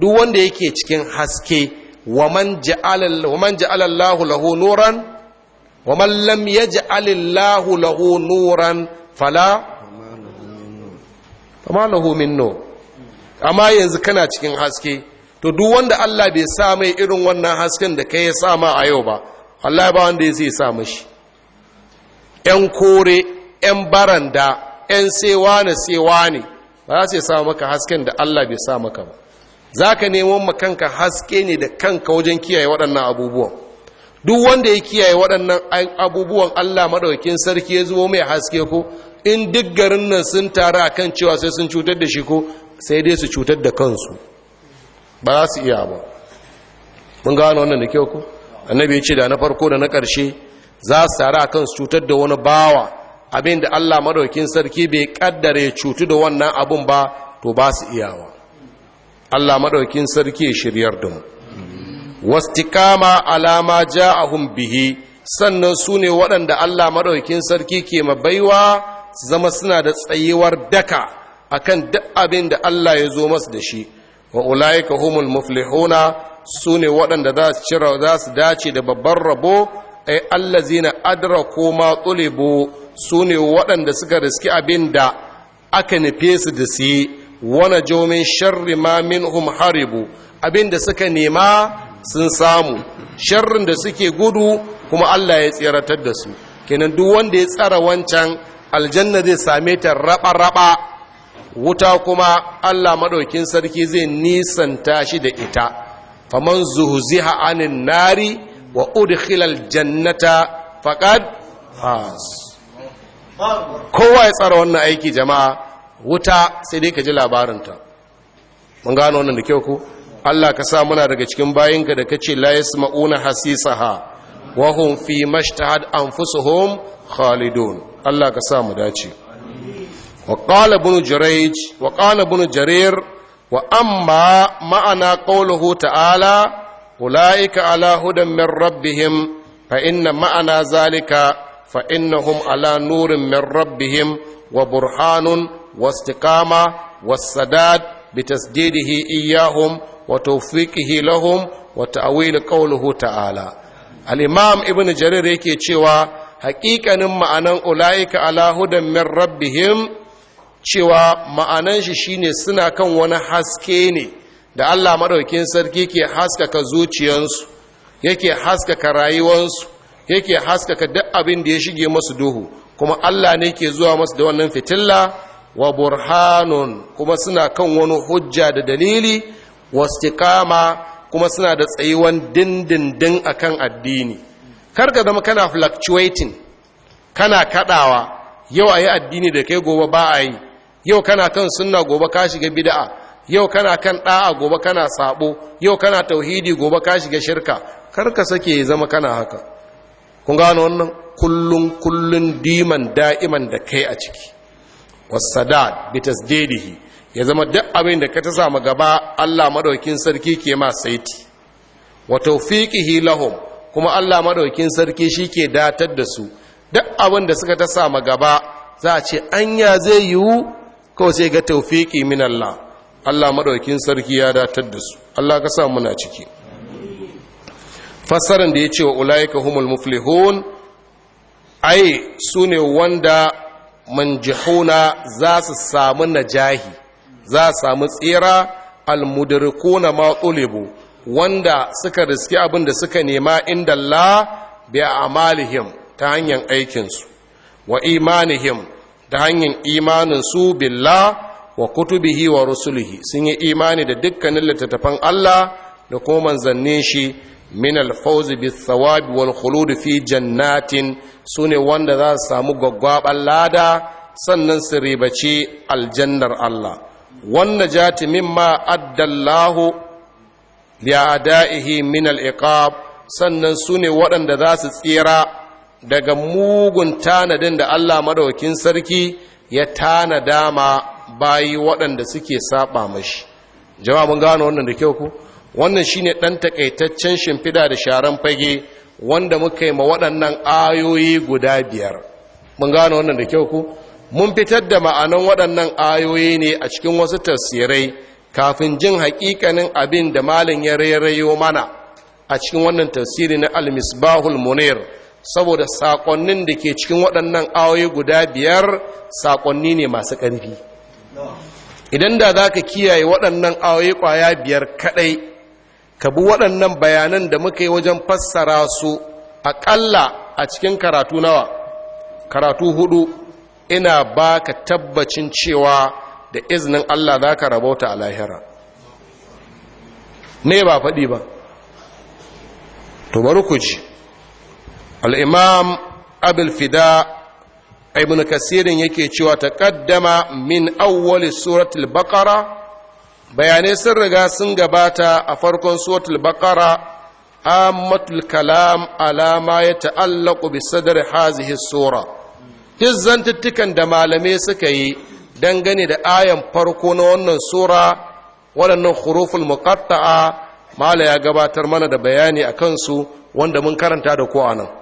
duk wanda yake cikin haske waman ja'ala Allahu lahu nuran waman lam yaj'al Allahu lahu nuran fala fama lahu min nur amma yanzu kana cikin haske to duk wanda Allah bai sa mai irin wannan hasken da kai ya sa ma a yau ba Allah ba wanda ya zai sa mashi ‘yan kore ‘yan baranda ‘yan sewa na sewa ne ba za su sa maka hasken da Allah bai sa maka ba za ka neman makanka haske ne da kanka wajen kiyaye waɗannan abubuwan duk wanda ya kiyaye waɗannan abubuwan Allah maɗaukin sarki ya zuwa mai haske ko in duk garin nan sun taru kan cewa sai sun cutar da shi ko sai dai su cutar da kansu ba za su iya ba mun gano wannan da kyau ku annabi ya ce da na farko da na ƙarshe za su tare a kan su cutar da wani bawa abin da allah madaukin sarki bai ƙaddare cutu da wannan abun ba to ba su iya ba. allah madaukin sarki ya shiryar da mu wastikama alama ja a bihi sannan su ne waɗanda allah maɗaukin sarki ke mabaiwa zama suna da tsayewar daka akan duk abin da allah ya zo masu da shi wa ulaika humul muflihuna sune waɗanda za su cira za su dace da babban rabo ai allazina adraku ma tulibu sune waɗanda suka riski abin da aka nufe su da su wana jomin sharri ma minhum haribu abin da suka nema sun samu sharrin da suke gudu kuma Allah ya tseratar da su kenan duk wanda ya tsara wancan aljanna zai same ta raba raba wuta kuma Allah maɗaukin sarki zai nisanta shi da ita faman zuhziha anin nari wa udkhilal jannata faqad fas kowa ya tsara wannan aiki jama'a wuta sai dai ka ji labarinta mun gano wannan da kyau ku Allah ka sa muna daga cikin bayinka da kace la yasma'una hasisaha wa hum fi mashtahad anfusuhum khalidun Allah ka sa mu dace wa qala jarir wa amma ma'ana qawluhu ta'ala ulaika ala hudan min rabbihim fa inna ma'ana zalika fa innahum ala nurin min rabbihim wa burhanun واستقامة والسداد بتسديده إياهم وتوفيقه لهم وتأويل قوله تعالى الإمام ابن جرير يكي تشيوا حقيقة معنى أولئك على هدى من ربهم cewa ma'anan shi shine suna kan wani haske ne da Allah maɗaukin sarki ke haskaka zuciyansu yake haskaka rayuwansu yake haskaka duk abin da ya shige masu duhu kuma Allah ne ke zuwa masu da wannan fitilla wa burhanun kuma suna kan wani hujja da dalili wastiqama kuma suna da tsayuwan dindindin akan addini karka zama kana fluctuating kana kadawa yau ayi addini da kai gobe ba a yi yau kana kan sunna gobe ka shiga bida'a yau kana kan da'a gobe kana sabo yau kana tauhidi gobe ka shiga shirka kar ka sake zama kana haka kun gano wannan kullun kullun diman da'iman da kai a ciki wasadad bitasdidihi ya zama duk abin da ka ta samu gaba Allah madaukin sarki ke ma saiti wa tawfiqihi lahum kuma Allah madaukin sarki shi ke datar da su duk abin da suka ta samu gaba za a ce anya zai yiwu kawai sai ga taufiki min Allah Allah madaukin sarki ya datar da su Allah ka sa muna ciki fasaran da ya ce wa ulaika humul muflihun ai su ne wanda manjihuna za su samu najahi za su samu tsira almudrikuna ma tulibu wanda suka riski abin da suka nema inda Allah bi amalihim ta hanyar aikinsu wa imanihim ta hanyar imanin su billah wa kutubihi wa rusulihi sun yi imani da dukkanin littattafan Allah da kuma manzannin shi min alfawzi bi thawab wal khulud fi jannatin sune wanda za su samu gwaggwaban lada sannan su ribaci aljannar Allah wannan jati mimma addallahu li adaihi min al sannan sune waɗanda za su tsira daga mugun tanadin da Allah madawakin sarki ya tana dama bayi waɗanda suke saba mashi jama'a mun gano wannan da kyau ku wannan shine dan takaitaccen shimfida da sharan fage wanda muka yi ma waɗannan ayoyi guda biyar mun gano wannan da kyau ku mun fitar da ma'anan waɗannan ayoyi ne a cikin wasu tasirai kafin jin haƙiƙanin abin da malin ya rairayo mana a cikin wannan tafsiri na al-misbahul munir saboda saƙonnin da ke cikin waɗannan awoyi guda biyar saƙonni ne masu ƙarfi idan da za ka kiyaye waɗannan awoyi ƙwaya biyar kaɗai ka bi waɗannan bayanan da muka yi wajen fassara su aƙalla a cikin karatu nawa karatu hudu ina ba ka tabbacin cewa da izinin allah za ka rabauta a lahira ne ba faɗi ba to bari ku ji al'imam abulfida ibn kasirin yake cewa ta kaddama min awwali suratul bakara bayanai sun riga sun gabata a farkon suratul bakara ammatul kalam alama ya ta'allaku bi sadar hazihi sura duk zantuttukan da malamai suka yi dangane da ayan farko na wannan sura waɗannan huruful muqatta'a mala ya gabatar mana da bayani a kansu wanda mun karanta da ku a nan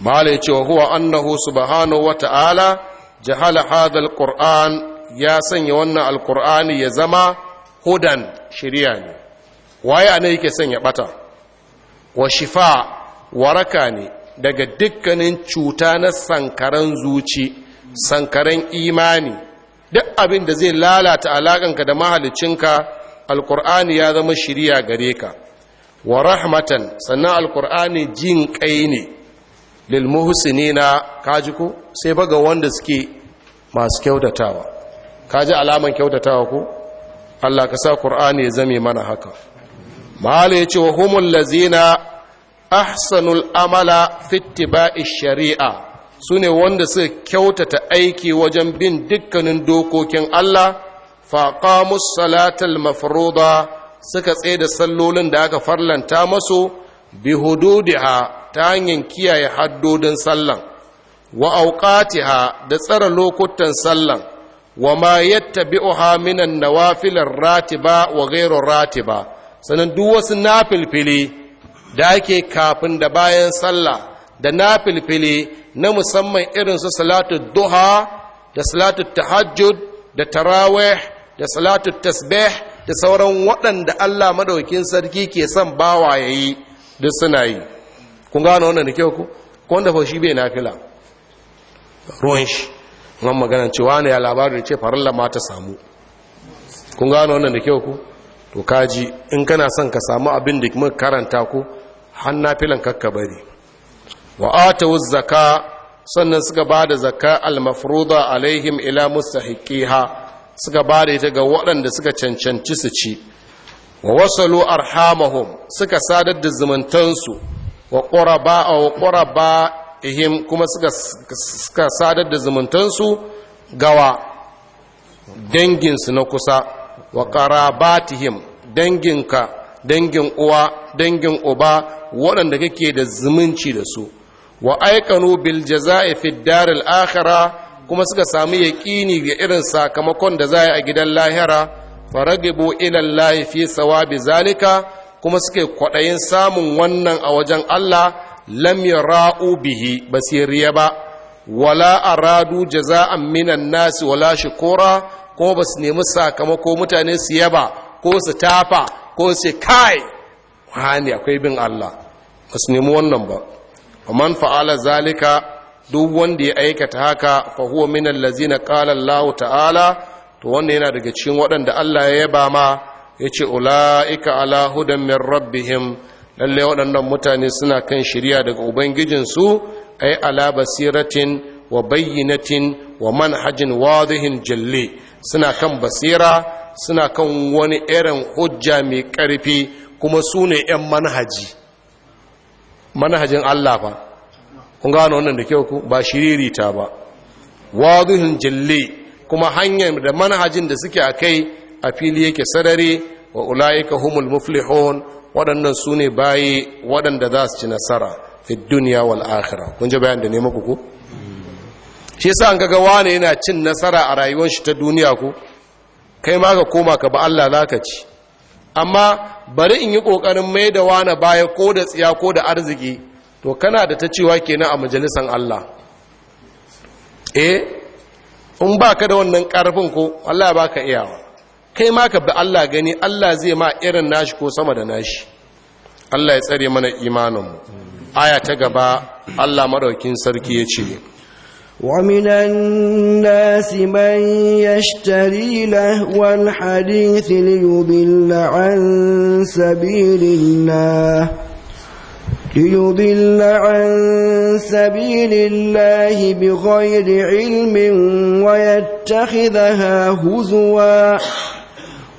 malai cewa huwa annahu subhanahu wa ta'ala jahala hadal qur'an ya sanya wannan alqur'ani ya zama hudan shiriya ne waye ne yake sanya bata wa shifa waraka ne daga dukkanin cuta na sankaran zuci sankaran imani duk abin da zai lalata alakanka da mahalicinka alqur'ani ya zama shiriya gare ka wa rahmatan sannan alqur'ani jin kai ne lil muhsinina kaji ko sai baga wanda suke masu kyautatawa kaji alaman kyautatawa ko Allah ka sa Qur'ani ya zame mana haka mahala yace wa humul lazina ahsanul amala fi ittiba'i shari'a sune wanda suka kyautata aiki wajen bin dukkanin dokokin Allah faqamus musalatal mafruda suka tsaye da sallolin da aka farlanta masu bi hududiha ta hanyar kiyaye haddodin sallan wa auqatiha da tsara lokutan sallan wa ma yattabi'uha minan nawafilar ratiba wa ghairu ratiba sanan duk wasu nafilfili da ake kafin da bayan sallah da nafilfili na musamman irin su salatu duha da salatu tahajjud da tarawih da salatu tasbih da sauran waɗanda Allah madaukin sarki ke son bawa yayi duk suna yi kun gano wannan da kyau ku ko wanda fa shi bai nafila ruwan shi nan magana cewa ne ya labarin ce farilla ma ta samu kun gano wannan da kyau ku to kaji in kana son ka samu abin da muka karanta ku har nafilan kakka bari wa zaka zakka sannan suka bada zakka al mafruda alaihim ila mustahiqiha suka bada ita ga waɗanda suka cancanci su ci wa wasalu arhamahum suka sadar da zumuntansu wa ba a wa ƙuraba ihim kuma suka sadar da zumuntansu gawa danginsu na kusa wa ƙarabatihim danginka dangin uwa dangin uba waɗanda kake da zumunci da su wa aikanu bil jaza'i fi daril akhira kuma suka samu yaƙini ga irin sakamakon da za a gidan lahira faragibu ila Allah fi sawabi zalika kuma suke kwaɗayin samun wannan a wajen Allah lam ra'u bihi ba su riya ba wala aradu jaza'an minan nasi wala kora, ko ba su nemi sakamako mutane su yaba ko su tafa ko su kai wani akwai bin Allah ba su nemi wannan ba man fa'ala zalika duk wanda ya aikata haka fahuwa minan min allazina ƙalan ta'ala to wanda yana daga cikin waɗanda Allah ya yaba ma ya ce ula'ika ala hudun min rabbihim lallai waɗannan mutane suna kan shirya daga ubangijinsu ai ala basiratin wa bayyinatin wa manhajin wadihin jalle suna kan basira suna kan wani irin hujja mai ƙarfi kuma su ne 'yan manhaji manhajin Allah ba kun gano wannan da kyau ku ba shiririta ba wadihin jalle kuma hanyar da manhajin da suke a kai a fili yake sarari wa ulaika humul muflihun waɗannan su ne bayi waɗanda za su ci nasara fi duniya wal akhirah kun ji bayan da ne muku ku shi yasa an ga wani yana cin nasara a rayuwar shi ta duniya ku kai ma ka koma ka ba Allah zaka ci amma bari in yi kokarin mai da wani baya ko da tsiya ko da arziki to kana da ta cewa kenan a majalisan Allah eh in ba ka da wannan karfin ko Allah ya baka iyawa kai ma ka bi Allah gani Allah zai ma irin nashi ko sama da nashi Allah ya tsare mana imaninmu aya ta gaba Allah madaukin sarki ya ce wa minan nasi man yashtari wal hadith li yudilla an sabilina li yudilla an sabilillahi bi ghayri ilmin wa yattakhidha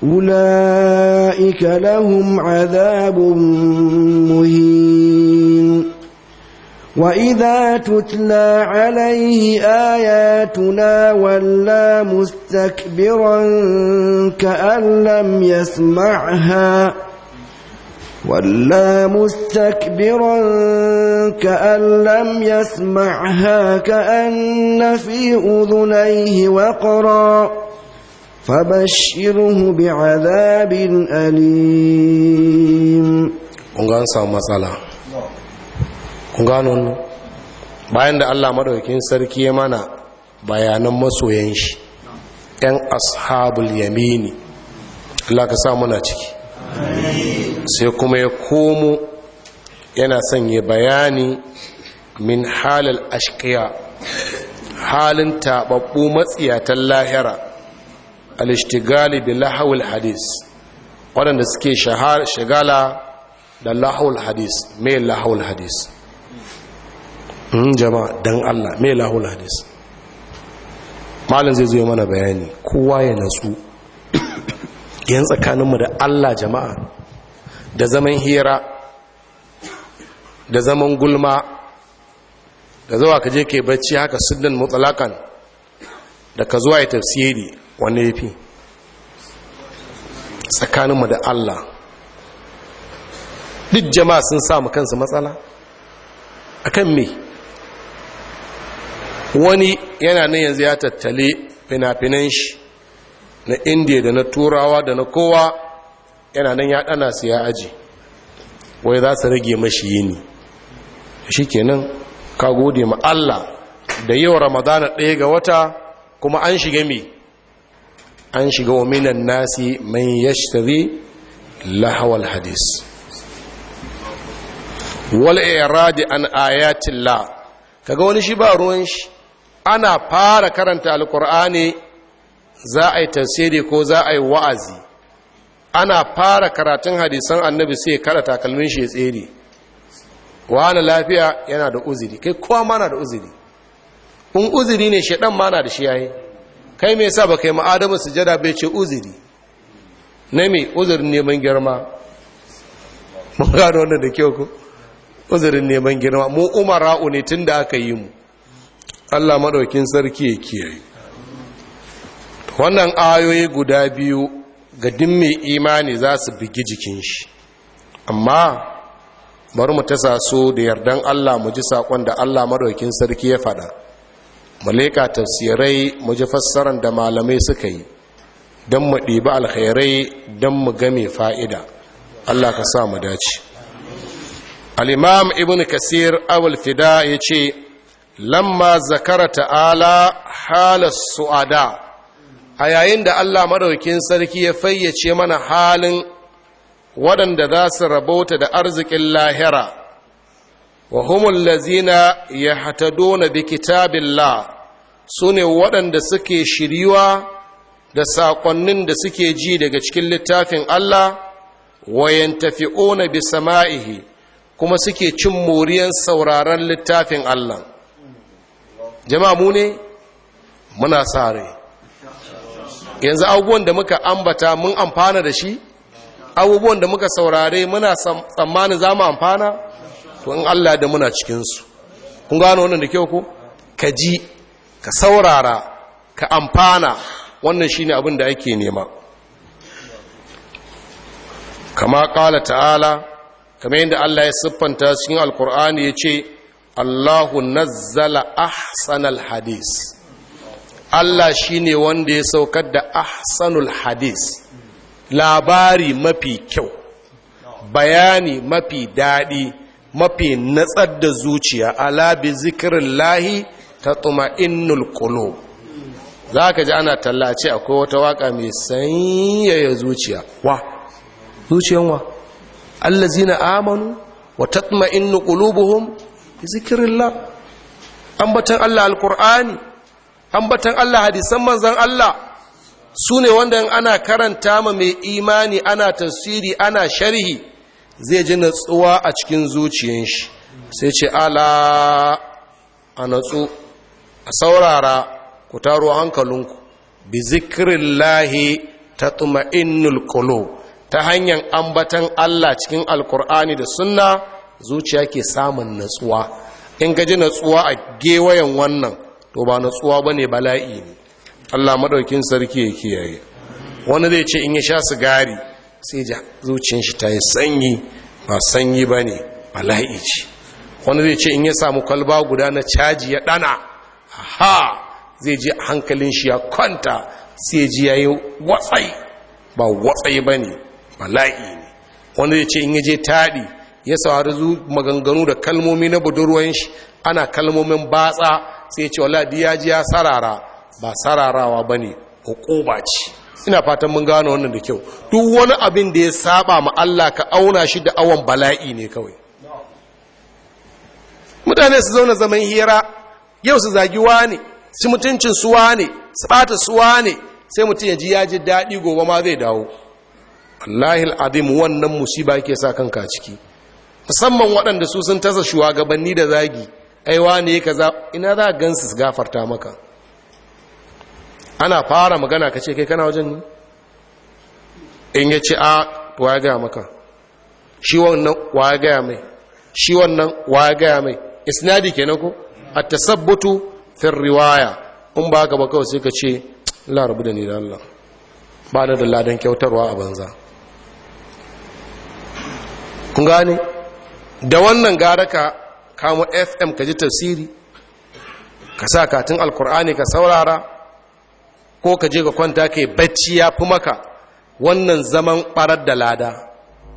أولئك لهم عذاب مهين وإذا تتلى عليه آياتنا ولا مستكبرا كأن لم يسمعها ولا مستكبرا كأن لم يسمعها كأن في أذنيه وقرا فبشره بعذاب أليم kungan samu matsala bayan da Allah madaukakin sarki ya mana bayanan masoyan shi 'yan ashabul yamini Allah ka sa muna ciki sai kuma ya komo yana sanya bayani min halal askiya, halin taɓaɓɓu matsiyatan lahira alishtigali bi lahawul hadis waɗanda suke shagala da lahawul hadis mai lahawul hadis hmm, jama'a don allah mai lahawul hadis malin zai zuwa mana bayani kowa ya nasu yan tsakaninmu da allah jama'a da zaman hira da zaman gulma da zuwa ka je ke bacci haka sudan mutsalakan da ka zuwa ya tafsiri wanda ya fi tsakaninmu da Allah duk jama'a sun samu kansu matsala a kan me wani yana nan yanzu ya tattale fina-finan shi na indiya da na turawa da na kowa yana nan ya ɗana su ya aji wai za su rage mashi yini shi kenan ka gode ma Allah da yau ramadana ɗaya ga wata kuma an shiga mai an shiga wa minan nasi man yashtari lahawal hadis wal iradi an la kaga wani shi ba ruwan shi ana fara karanta alkur'ani za a yi tasiri ko za a yi wa'azi ana fara karatun hadisan annabi sai kada takalmin shi ya tsere wani lafiya yana da uziri kai kowa mana da uziri in uziri ne shaidan mana da shi yayi kai me yasa ba kai ma su sujada bai ce uzuri na mai uzurin neman girma mun gano wannan da kyau ku uzurin neman girma mu umara'u ne da aka yi mu Allah maɗaukin sarki ya kiyaye wannan ayoyi guda biyu ga din mai imani za su bigi jikin shi amma bari mu tasa so da yardan Allah mu ji saƙon da Allah maɗaukin sarki ya faɗa malika tafsirai mu ji fassaran da malamai suka yi don mu ɗibi alkhairai don mu game fa'ida Allah ka sa mu dace al'imam ibn kasir awul fida ya ce lamma zakara ta'ala halar su'ada a yayin da Allah maraukin sarki ya fayyace mana halin waɗanda za su rabota da arzikin lahira wa humul lazina yahtaduna bi kitabillah sune waɗanda suke shiriwa da saƙonnin da suke ji daga cikin littafin Allah wa yantafi'una bi sama'ihi kuma suke cin moriyan sauraron littafin Allah jama'a mu ne muna sare yanzu abubuwan da muka ambata mun amfana da shi abubuwan da muka saurare muna tsammanin za mu amfana to in Allah da muna cikinsu kun gano wannan da kyau ko ka ji ka saurara ka amfana wannan shi ne abin da ake nema kama ƙala ta'ala kama yadda Allah ya siffanta cikin alkur'ani ya ce Allahu nazzala ahsanal hadis Allah shi ne wanda ya saukar da ahsanul hadis labari mafi kyau bayani mafi daɗi mafi natsar da zuciya ala bi zikirin lahi ta tsuma innul kulo za ka ji ana tallace akwai wata waka mai sanyaya zuciya wa zuciyan wa allazi na amanu wa ta tsuma innu kulubuhum zikirin la ambatan allah alkur'ani ambatan allah hadisan manzan allah su ne wanda ana karanta ma mai imani ana tasiri ana sharhi zai ji natsuwa a cikin zuciyan shi sai ce ala a natsu a saurara ku taro hankalinku bi zikirin lahi ta tuma'inul kolo ta hanyar ambatan Allah cikin alkur'ani da sunna zuciya ke samun natsuwa in gaji natsuwa a gewayen wannan to ba natsuwa ba ne bala'i ne Allah maɗaukin sarki ya kiyaye wani zai ce in ya sha sigari sai ji zuciyar shi ta yi sanyi ba sanyi ba ne bala'i ce wani zai ce in ya samu kwalba guda na caji ya ɗana ha zai ji hankalin shi ya kwanta sai ji ya yi watsai ba watsai ba ne bala'i ne wani zai ce in ya je taɗi ya zu maganganu da kalmomi na budurwan shi ana kalmomin batsa sai ce wala ya ji ya sarara ba sararawa ba ne hukuba ce ina fatan mun gano wannan da kyau duk wani abin da ya saba ma Allah ka auna shi da awon bala'i ne kawai mutane su zauna zaman hira yau su zagi ne su mutuncin suwa ne su bata suwa ne sai mutum ya ji ya ji daɗi gobe ma zai dawo Allahi al'adim wannan musiba ke sa kanka ciki musamman waɗanda su sun tasa shugabanni da zagi aiwa ne ka za ina za a gansu su gafarta maka ana fara magana ka ce kai kana wajen ne in ya ce a waya gaya maka shi wannan waya gaya mai shi wannan waya gaya mai isnadi nan ku a tasabbutu fin riwaya in ba ka ba sai ka ce larabu da ni Allah ba da ladan kyautarwa a banza kun gane da wannan gara ka kamo fm ka ji tafsiri ka sa katin alkur'ani ka saurara ko ka je ka kwanta ke bacci ya fi maka wannan zaman ɓarar da lada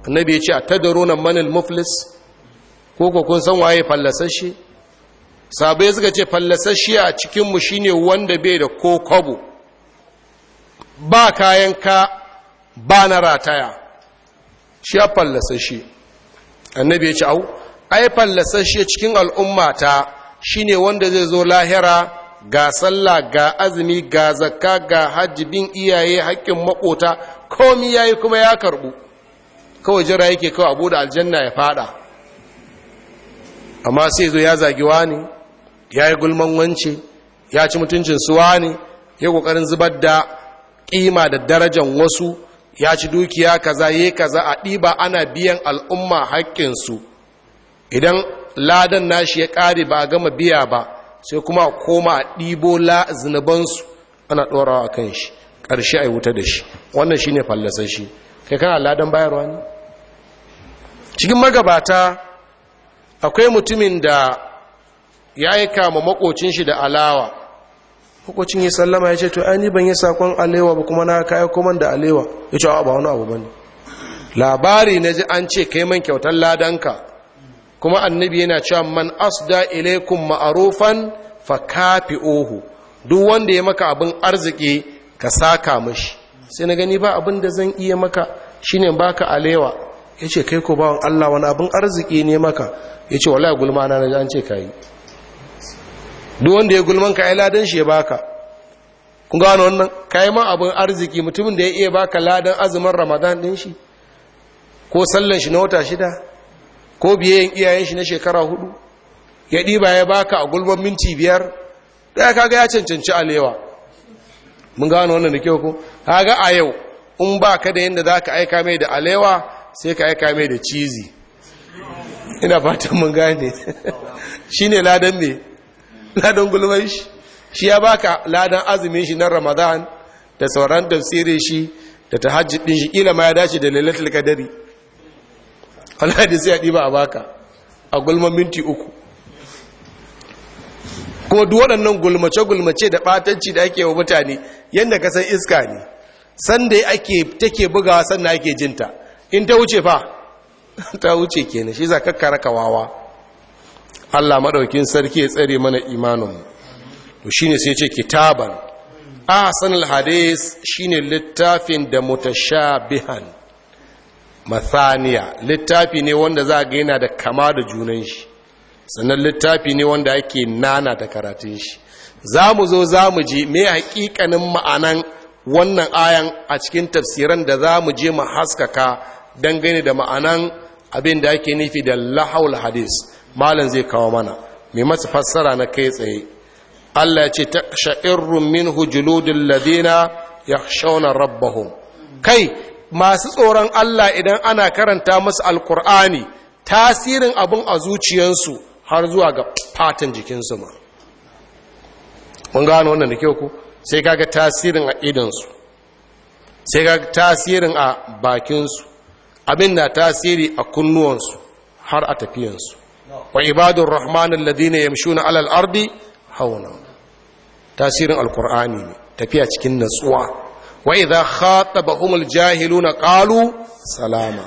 annabi ya ce a nan manil muflis ko ko kun san waye fallasashe sabai suka ce fallasashe a cikinmu shine wanda bai da ko kwabo ba kayan ka ba na rataya shi ya fallasashe annabi ya ce au ai fallasashe cikin al'ummata shine wanda zai zo lahira ga sallah ga azumi ga zakka ga hajji bin iyaye haƙƙin makota komi yayi kuma ya karbu kawai jira yake kawai abu da aljanna ya fada amma sai zo ya zagi wani ya yi gulman wance ya ci mutuncin su wani ya ƙoƙarin zubar da ƙima da darajan wasu ya ci dukiya kaza yayi kaza a ɗiba ana biyan al'umma haƙƙinsu idan ladan nashi ya ƙare ba a gama biya ba sai kuma koma a ɗibo la zunubansu ana ɗorawa a kan shi ƙarshe a yi wuta da shi wannan shi ne fallasar shi kai kana ladan bayarwa ne cikin magabata akwai mutumin da ya yi kama makocin shi da alawa makocin ya sallama ya ce to ai ban yi sakon alewa ba kuma na kayan koman da alewa ya ce ba wani abu ba ne? labari na ji an ce kai man kyautar ladanka kuma annabi yana cewa man asda ilaikum ma'arufan fa kafi'uhu duk wanda ya maka abin arziki ka saka mishi sai na gani ba abin da zan iya maka shine baka alewa yace kai ko bawon Allah wani abin arziki ne maka yace wallahi gulma na an ce kai duk wanda ya gulman ka ai ladan shi ya baka kun gano wannan kai ma abin arziki mutumin da ya iya baka ladan azumin Ramadan din shi ko sallan shi na wata shida ko biyayen iyayen shi na shekara hudu ya ɗiba ya baka a gulbar minti biyar ɗaya kaga ya cancanci alewa mun gano wannan da kyau ko kaga a yau in ba ka da yadda za ka aika mai da alewa sai ka aika mai da cizi ina fatan mun gane [laughs] shi ne ladan ne ladan gulman shi shi ya baka ladan azumin shi na ramadan da sauran tafsirin shi da tahajjud din shi kila ma ya dace da lailatul qadari alhadi sai a ɗiba a baka a gulman minti uku kuma duk waɗannan gulmace-gulmace da ɓatanci da ake wa mutane yadda ka san iska ne sanda ake take bugawa sannan ake jinta in ta wuce fa [laughs] ta wuce kenan shi za ka kara wawa Allah maɗaukin sarki ya tsare mana imanin to ne sai ce kitaban ahsanul hadis shine littafin da mutashabihan mathaniya littafi ne wanda za a yana da kama da junan shi sannan littafi ne wanda ake nana da karatun shi za mu zo za mu ji mai hakikanin ma'anan wannan ayan a cikin tafsiran da za mu je mu haskaka dangane da ma'anan abin da ake nufi da lahaul hadis malam zai kawo mana mai masa fassara na kai tsaye Allah ya ce ta sha'irrun min hujuludin ladina ya shauna rabbahum kai masu tsoron Allah idan ana karanta musu alkur'ani tasirin abin a zuciyarsu har zuwa ga fatan jikinsu ma mun gano wannan da kyau ku sai kaga tasirin a idansu sai kaga tasirin a bakinsu abin na tasiri a kunnuwansu har a tafiyansu wa ibadun rahmanin ladina yamshuna alal ardi hauna tasirin alkur'ani ne tafiya cikin natsuwa wa idza khatabahumul jahiluna qalu salama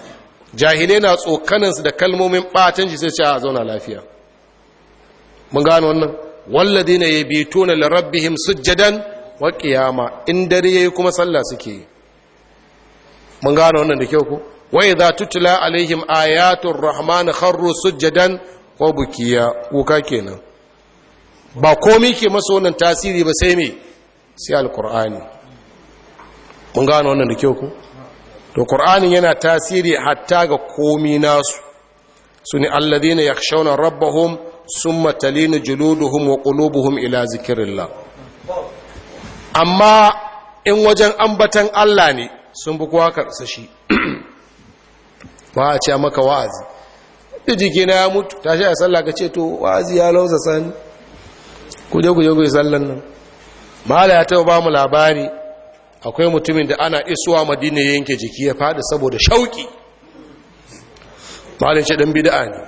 jahilai na tsokanin su da kalmomin batanci sai ce a zauna lafiya mun gano wannan walladina yabituna li rabbihim sujjadan wa qiyama in dare yayi kuma sallah suke mun gano wannan da kyau ko wa idza tutla alaihim ayatul rahman kharru sujjadan wa bukiya kuka kenan ba komai ke maso wannan tasiri ba sai me sai alqur'ani mun gano wannan da kyau ku to qur'anin yana tasiri hatta ga komi nasu sune alladhina yakhshawna rabbahum summa talina juluduhum wa qulubuhum ila zikrillah amma in wajen ambatan Allah ne sun bi kowa karsa shi [clears throat] ba a ce maka wa'azi duk jikina ya mutu tashi a sallah ka ce to wa'azi ya lausa sani kuje kuje kuje sallan nan mala ya tawo ba mu labari akwai mutumin da ana isuwa madina yanke jiki ya fadi saboda shauki malin dan bida ne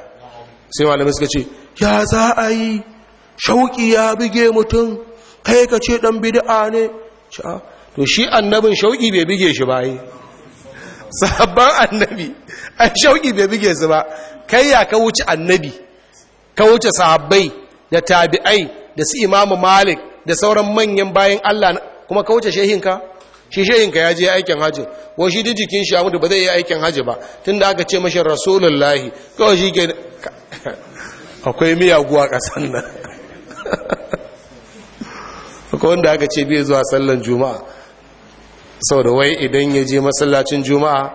sai malamai suka ce ya za a yi shauki ya bige mutum kai ka ce ɗan bida ne ah, to shi annabin shauki bai bige shi bayi sabban annabi an shauki bai bige su ba kai ya ka wuce annabi ka wuce sahabbai da tabi'ai da su imamu malik da sauran manyan bayan allah kuma ka wuce shehinka shi ka ya je aikin hajji wa shi duk jikin shi amudu ba zai yi aikin hajji ba Tunda aka ce mashi rasulullahi kawai shi ke [laughs] akwai miya guwa ƙasan nan [laughs] akwai wanda aka ce bai zuwa sallan juma'a sau da wai idan ya je masallacin juma'a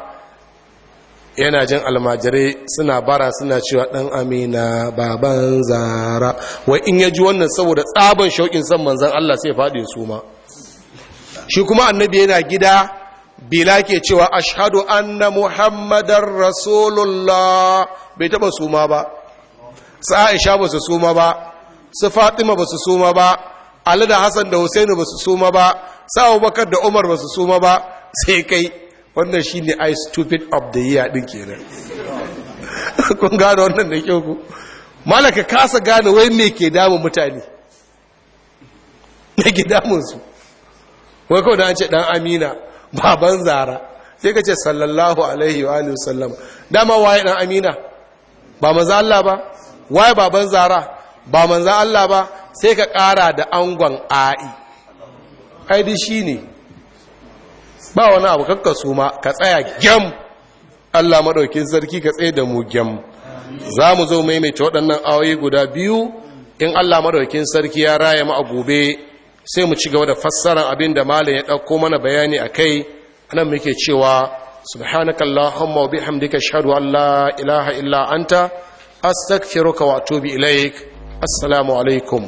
yana jin almajirai suna bara suna cewa dan amina baban zara wai in ya ji wannan saboda tsaban shauƙin san manzan allah sai faɗi su ma shi kuma annabi yana gida bila ke cewa ashhadu anna muhammadar rasulullah bai taba suma ba su aisha ba su suma ba su fatima ba su suma ba ali da hassan da husainu ba su suma ba su bakar da umar ba su suma ba sai kai wannan shi ne i stupid of the year din kenan [laughs] kun gano wannan da kyau ku malaka kasa gane wai me ke damun mutane [laughs] me ke damun wai kawai da an ce dan amina baban zara sai ka ce sallallahu alaihi wa alihi wasallam dama waye dan amina ba manzo Allah ba waye baban zara ba manzo Allah ba sai ka ƙara da angon a'i ai dai shine ba wani abu kakka su ma ka tsaya gem. Allah maɗaukin sarki ka tsaye da mu gem. za mu zo maimaita waɗannan awayi guda biyu in Allah maɗaukin sarki ya raya mu a gobe sai mu ci gaba da fassarar abin da malam ya ɗauko mana bayani a kai anan muke cewa subhanakallahumma wa bihamdika ashhadu an la ilaha illa anta astaghfiruka wa atubu ilaik assalamu alaikum